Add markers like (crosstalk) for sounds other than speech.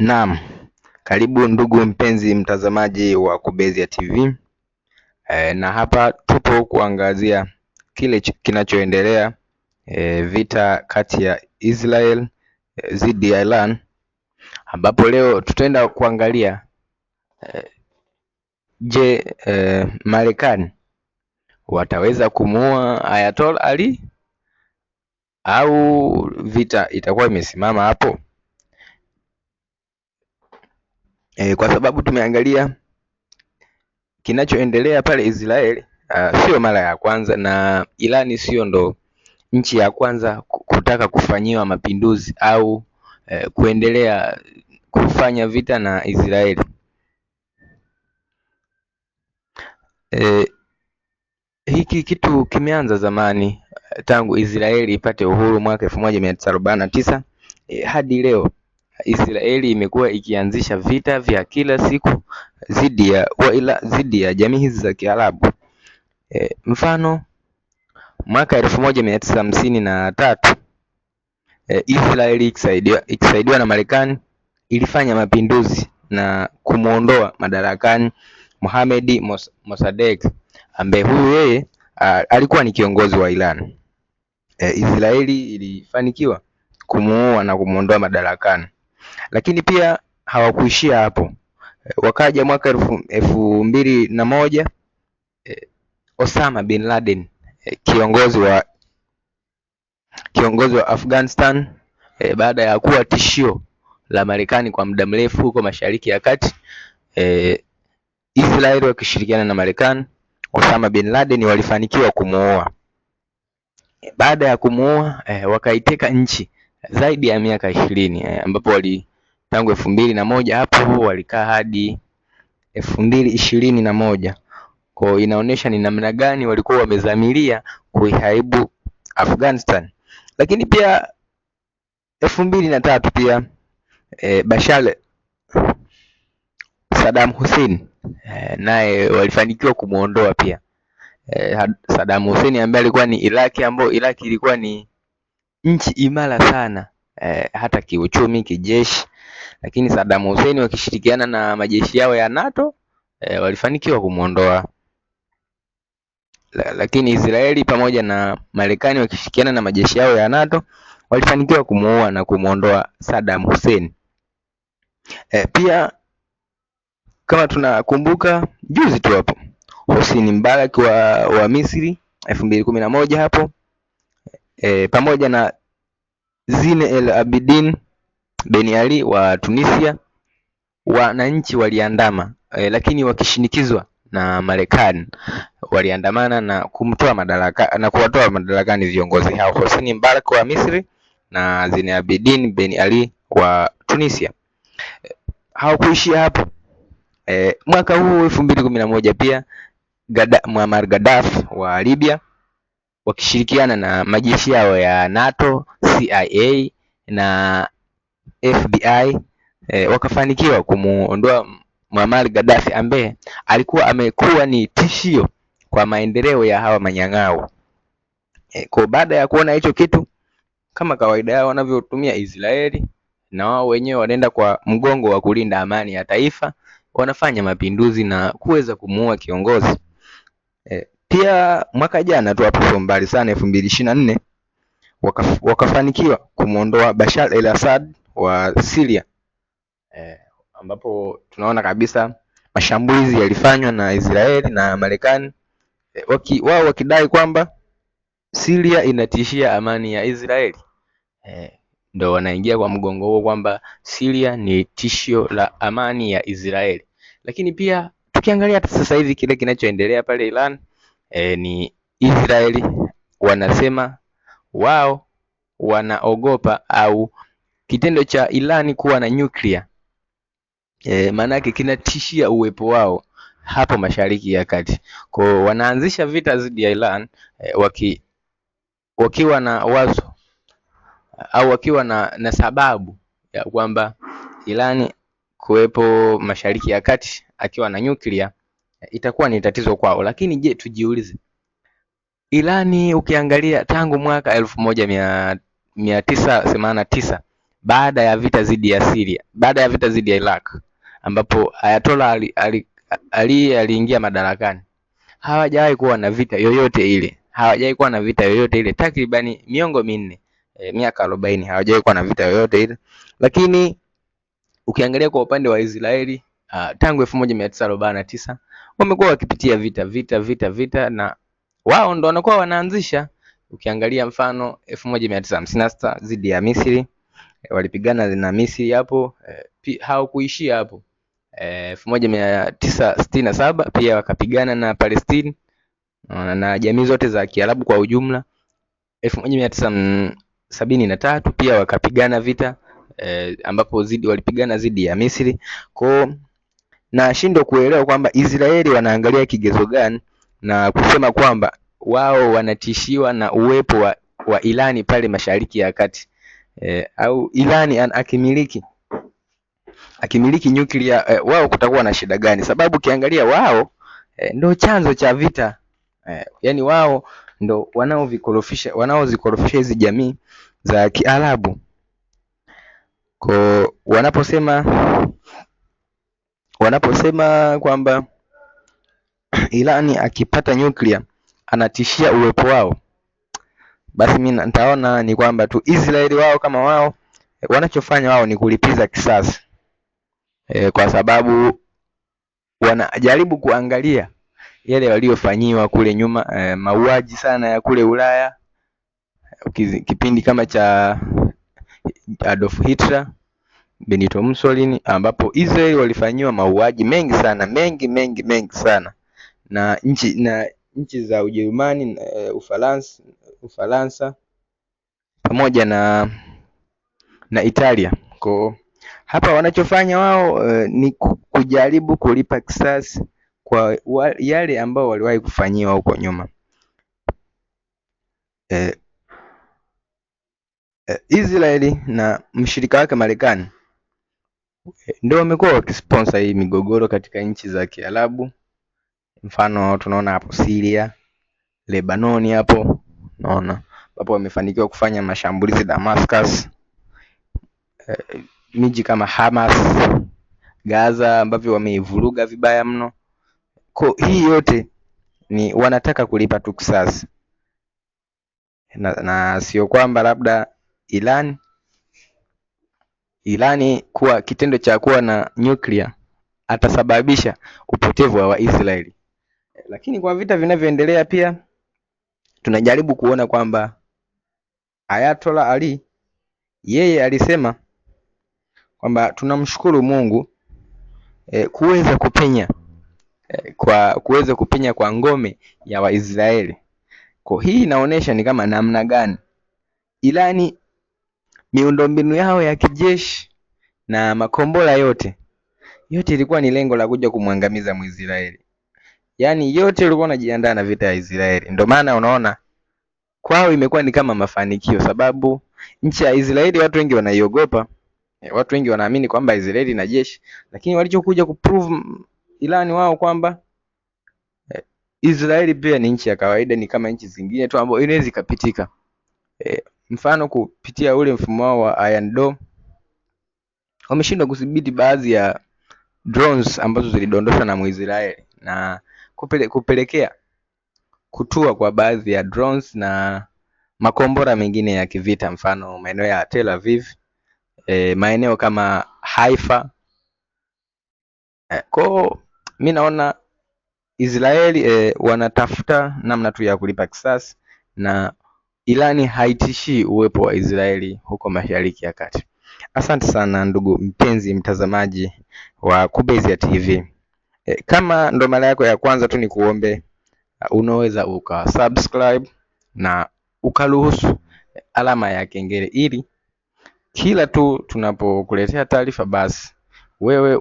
Naam, karibu ndugu mpenzi mtazamaji wa Kubezya TV e, na hapa tupo kuangazia kile kinachoendelea e, vita kati ya Israel dhidi e, ya Iran, ambapo leo tutaenda kuangalia e, je, e, Marekani wataweza kumuua Ayatollah Ali au vita itakuwa imesimama hapo? e, kwa sababu tumeangalia kinachoendelea pale Israeli. Uh, ah, sio mara ya kwanza na Irani sio ndo nchi ya kwanza kutaka kufanyiwa mapinduzi au e, kuendelea kufanya vita na Israeli. E, eh, hiki kitu kimeanza zamani tangu Israeli ipate uhuru mwaka elfu moja mia tisa arobaini na tisa hadi leo Israeli imekuwa ikianzisha vita vya kila siku dhidi ya jamii hizi za Kiarabu. E, mfano, mwaka elfu moja mia tisa hamsini na tatu e, Israeli ikisaidiwa na Marekani ilifanya mapinduzi na kumwondoa madarakani Mohamed Mossadegh ambaye huyu yeye alikuwa ni kiongozi wa Iran. E, Israeli ilifanikiwa kumuua na kumwondoa madarakani. Lakini pia hawakuishia hapo, eh, wakaja mwaka elfu, elfu mbili na moja eh, Osama bin Laden eh, kiongozi wa kiongozi wa Afghanistan eh, baada ya kuwa tishio la Marekani kwa muda mrefu huko Mashariki ya Kati eh, Israeli wakishirikiana na Marekani, Osama bin Laden walifanikiwa kumuua. Baada ya kumuua eh, wakaiteka nchi zaidi ya miaka ishirini eh, ambapo wali tangu elfu mbili na moja hapo walikaa hadi elfu mbili ishirini na moja kwa inaonyesha ni namna gani walikuwa wamezamilia kuiharibu Afghanistan. Lakini pia elfu mbili na tatu pia e, Bashar Saddam Hussein e, naye walifanikiwa kumwondoa pia e, Saddam Hussein ambaye alikuwa ni Iraq, ambayo Iraq ilikuwa ni nchi imara sana e, hata kiuchumi, kijeshi lakini Saddam Hussein wakishirikiana na majeshi yao ya NATO e, walifanikiwa kumwondoa. Lakini Israeli pamoja na Marekani wakishirikiana na majeshi yao ya NATO walifanikiwa kumuua na kumwondoa Saddam Hussein. E, pia kama tunakumbuka juzi tu hapo Hosni Mubarak wa, wa Misri elfu mbili kumi na moja hapo e, pamoja na Zine El Abidin Ben Ali wa Tunisia wananchi waliandama e, lakini wakishinikizwa na Marekani waliandamana na kumtoa madaraka na kuwatoa madarakani viongozi hao Hosni Mubarak wa Misri na Zine Abidin Ben Ali wa Tunisia. E, hawakuishia hapo. E, mwaka huu elfu mbili kumi na moja pia Gada, Muammar Gaddafi wa Libya wakishirikiana na majeshi yao ya NATO, CIA na FBI e, eh, wakafanikiwa kumuondoa Muammar Gaddafi ambaye alikuwa amekuwa ni tishio kwa maendeleo ya hawa manyang'ao. E, kwa baada ya kuona hicho kitu kama kawaida yao wanavyotumia Israeli na wao wenyewe wanaenda kwa mgongo wa kulinda amani ya taifa, wanafanya mapinduzi na kuweza kumuua kiongozi e, Pia mwaka jana tu hapo mbali sana elfu mbili wakafanikiwa kumwondoa Bashar al Assad wa Syria eh, ambapo tunaona kabisa mashambulizi yalifanywa na Israeli na Marekani eh, waki, wao wakidai kwamba Syria inatishia amani ya Israeli eh, ndo wanaingia kwa mgongo huo kwamba Syria ni tishio la amani ya Israeli. Lakini pia tukiangalia hata sasa hivi kile kinachoendelea pale Iran eh, ni Israeli wanasema wao wanaogopa au kitendo cha iran kuwa na nyuklia e, maana yake kinatishia uwepo wao hapo Mashariki ya Kati. Kwao wanaanzisha vita dhidi ya Iran e, waki, wakiwa na wazo au wakiwa na, na sababu ya kwamba Iran kuwepo Mashariki ya Kati akiwa na nyuklia e, itakuwa ni tatizo kwao. Lakini je, tujiulize Irani ukiangalia tangu mwaka elfu moja mia, mia tisa themanini na tisa baada ya vita dhidi ya Syria, baada ya vita dhidi ya Iraq ambapo Ayatollah Ali aliingia ali, ali madarakani, hawajawahi kuwa na vita yoyote ile, hawajawahi kuwa na vita yoyote ile takribani miongo minne e, miaka 40 hawajawahi kuwa na vita yoyote ile. Lakini ukiangalia kwa upande wa Israeli uh, tangu 1949 wamekuwa wakipitia vita vita vita vita, na wao ndo wanakuwa wanaanzisha. Ukiangalia mfano 1956 moja dhidi ya Misri Eh, walipigana na Misri hapo e, hawakuishia hapo eh, elfu moja mia tisa sitini na saba pia wakapigana na Palestine na, na jamii zote za Kiarabu kwa ujumla. elfu moja mia tisa sabini na tatu pia wakapigana vita eh, ambapo zidi, walipigana dhidi ya Misri kwao nashindwa kuelewa kwamba Israeli wanaangalia kigezo gani na kusema kwamba wao wanatishiwa na uwepo wa, wa Irani pale Mashariki ya Kati eh, au Irani akimiliki akimiliki nyuklia eh, wao kutakuwa na shida gani? Sababu ukiangalia wao eh, ndo chanzo cha vita eh, yani wao ndo wanaovikorofisha wanaozikorofisha hizi jamii za Kiarabu kwa wanaposema wanaposema kwamba (clears throat) Irani akipata nyuklia anatishia uwepo wao basi mi nitaona ni kwamba tu Israeli wao kama wao eh, wanachofanya wao ni kulipiza kisasi e, kwa sababu wanajaribu kuangalia yale waliofanyiwa kule nyuma e, mauaji sana ya kule Ulaya kipindi kama cha Adolf Hitler, Benito Mussolini, ambapo Israeli walifanyiwa mauaji mengi sana mengi mengi mengi sana na nchi na nchi za Ujerumani, eh, Ufaransa, Ufaransa pamoja na na Italia. Kwa hapa wanachofanya wao uh, ni kujaribu kulipa kisasi kwa wa, yale ambao waliwahi kufanyiwa huko nyuma. E, Israeli na mshirika wake Marekani ndio wamekuwa wakisponsor hii migogoro katika nchi za Kiarabu mfano tunaona hapo Syria, lebanon hapo unaona ambapo wamefanikiwa kufanya mashambulizi Damascus, eh, miji kama Hamas, Gaza ambavyo wameivuruga vibaya mno. Ko, hii yote ni wanataka kulipa tu kisasi na, na sio kwamba labda Iran Irani kuwa kitendo cha kuwa na nyuklia atasababisha upotevu wa Waisraeli. Lakini kwa vita vinavyoendelea pia tunajaribu kuona kwamba ayatola Ali yeye alisema kwamba tunamshukuru Mungu e, kuweza kupenya e, kwa kuweza kupenya kwa ngome ya Waisraeli. Kwa hii inaonyesha ni kama namna gani ilani miundombinu yao ya kijeshi na makombora yote yote ilikuwa ni lengo la kuja kumwangamiza Mwisraeli. Yaani yote walikuwa unajiandaa na vita ya Israeli. Ndio maana unaona kwao imekuwa ni kama mafanikio, sababu nchi ya Israeli watu wengi wanaiogopa. Eh, watu wengi wanaamini kwamba Israeli na jeshi, lakini walichokuja kuprove ilani wao kwamba eh, Israeli pia ni nchi ya kawaida, ni kama nchi zingine tu ambayo inaweza ikapitika. E, mfano kupitia ule mfumo wao wa Iron Dome wameshindwa kudhibiti baadhi ya drones ambazo zilidondoshwa na Mwisraeli na kupele, kupelekea kutua kwa baadhi ya drones na makombora mengine ya kivita, mfano maeneo ya Tel Aviv, e, maeneo kama Haifa. E, eh, kwao mi naona Israeli e, wanatafuta namna tu ya kulipa kisasi na Irani haitishii uwepo wa Israeli huko Mashariki ya Kati. Asante sana ndugu mpenzi mtazamaji wa Kubezia TV. E, kama ndo mara yako ya kwanza tu ni kuombe uh, unaweza ukasubscribe na ukaruhusu eh, alama ya kengele ili kila tu tunapokuletea taarifa basi wewe